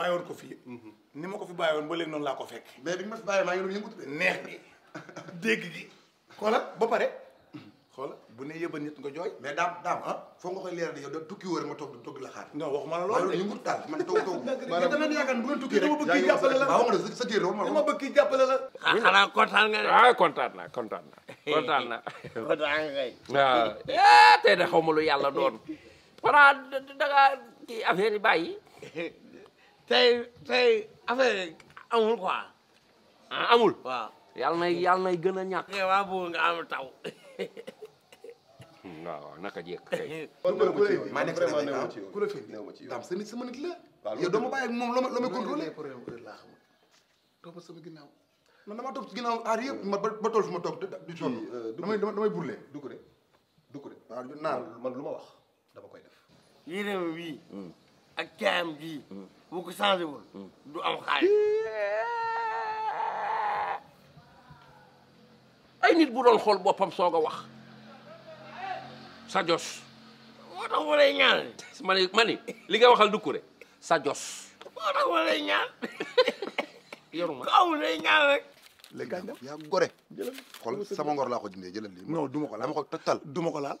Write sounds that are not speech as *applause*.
bàyyiwoon ko fii ni ma ko fi bàyyiwoon ba léegi noonu laa ko fekk mais bi ma fi bàyyi maa ngi doon yëngu tuddee neex ba pare xoolal bu ne yëbal nit nga jooy mais daam daam ah foo nga koy leeral tukki wóor nga toog toog la xaar non waxuma la loolu yëngu daal man toog toog dama yaakaar bu ngeen sa géer ma dama bëgg kii jàppale la ah, xanaa kontaan nga de ah kontaan naa kontaan naa kontaan naa *laughs* ah, eh, xaw ma lu yàlla doon xanaa bàyyi *laughs* tey tey affaire yi amul quoi. Ah, amul waaw. yàlla nay yàlla nay gën a ñàkk. Eh, waaw boobu nga am taw. Hmm, waaw naka jekk kay. *laughs* maa nekk ci yow ku la fi daam sama sama nit la. waaw yow doo ma bàyyi ak moom loo ma loo ma contrôlé. problème bu laa xamul ci ginnaaw aar ma ba tool ma toog di toog euh, damay damay burle dugg de dugg de waaw naan man lu ma wax dama koy def. ak caayam gii bu hmm. ko changé woon hmm. du am xaalis ay nit bu doon xool boppam soog a wax sa jos moo tax ma lay ñaan *laughs* ma ni ma ni li nga waxal dukkure sa jos moo tax ñaan *laughs* yoruma ko amul ñaan rek léegi yaa gore xool sama ngor laa ko dindee jëlal lii non duma ko laal duma ko laal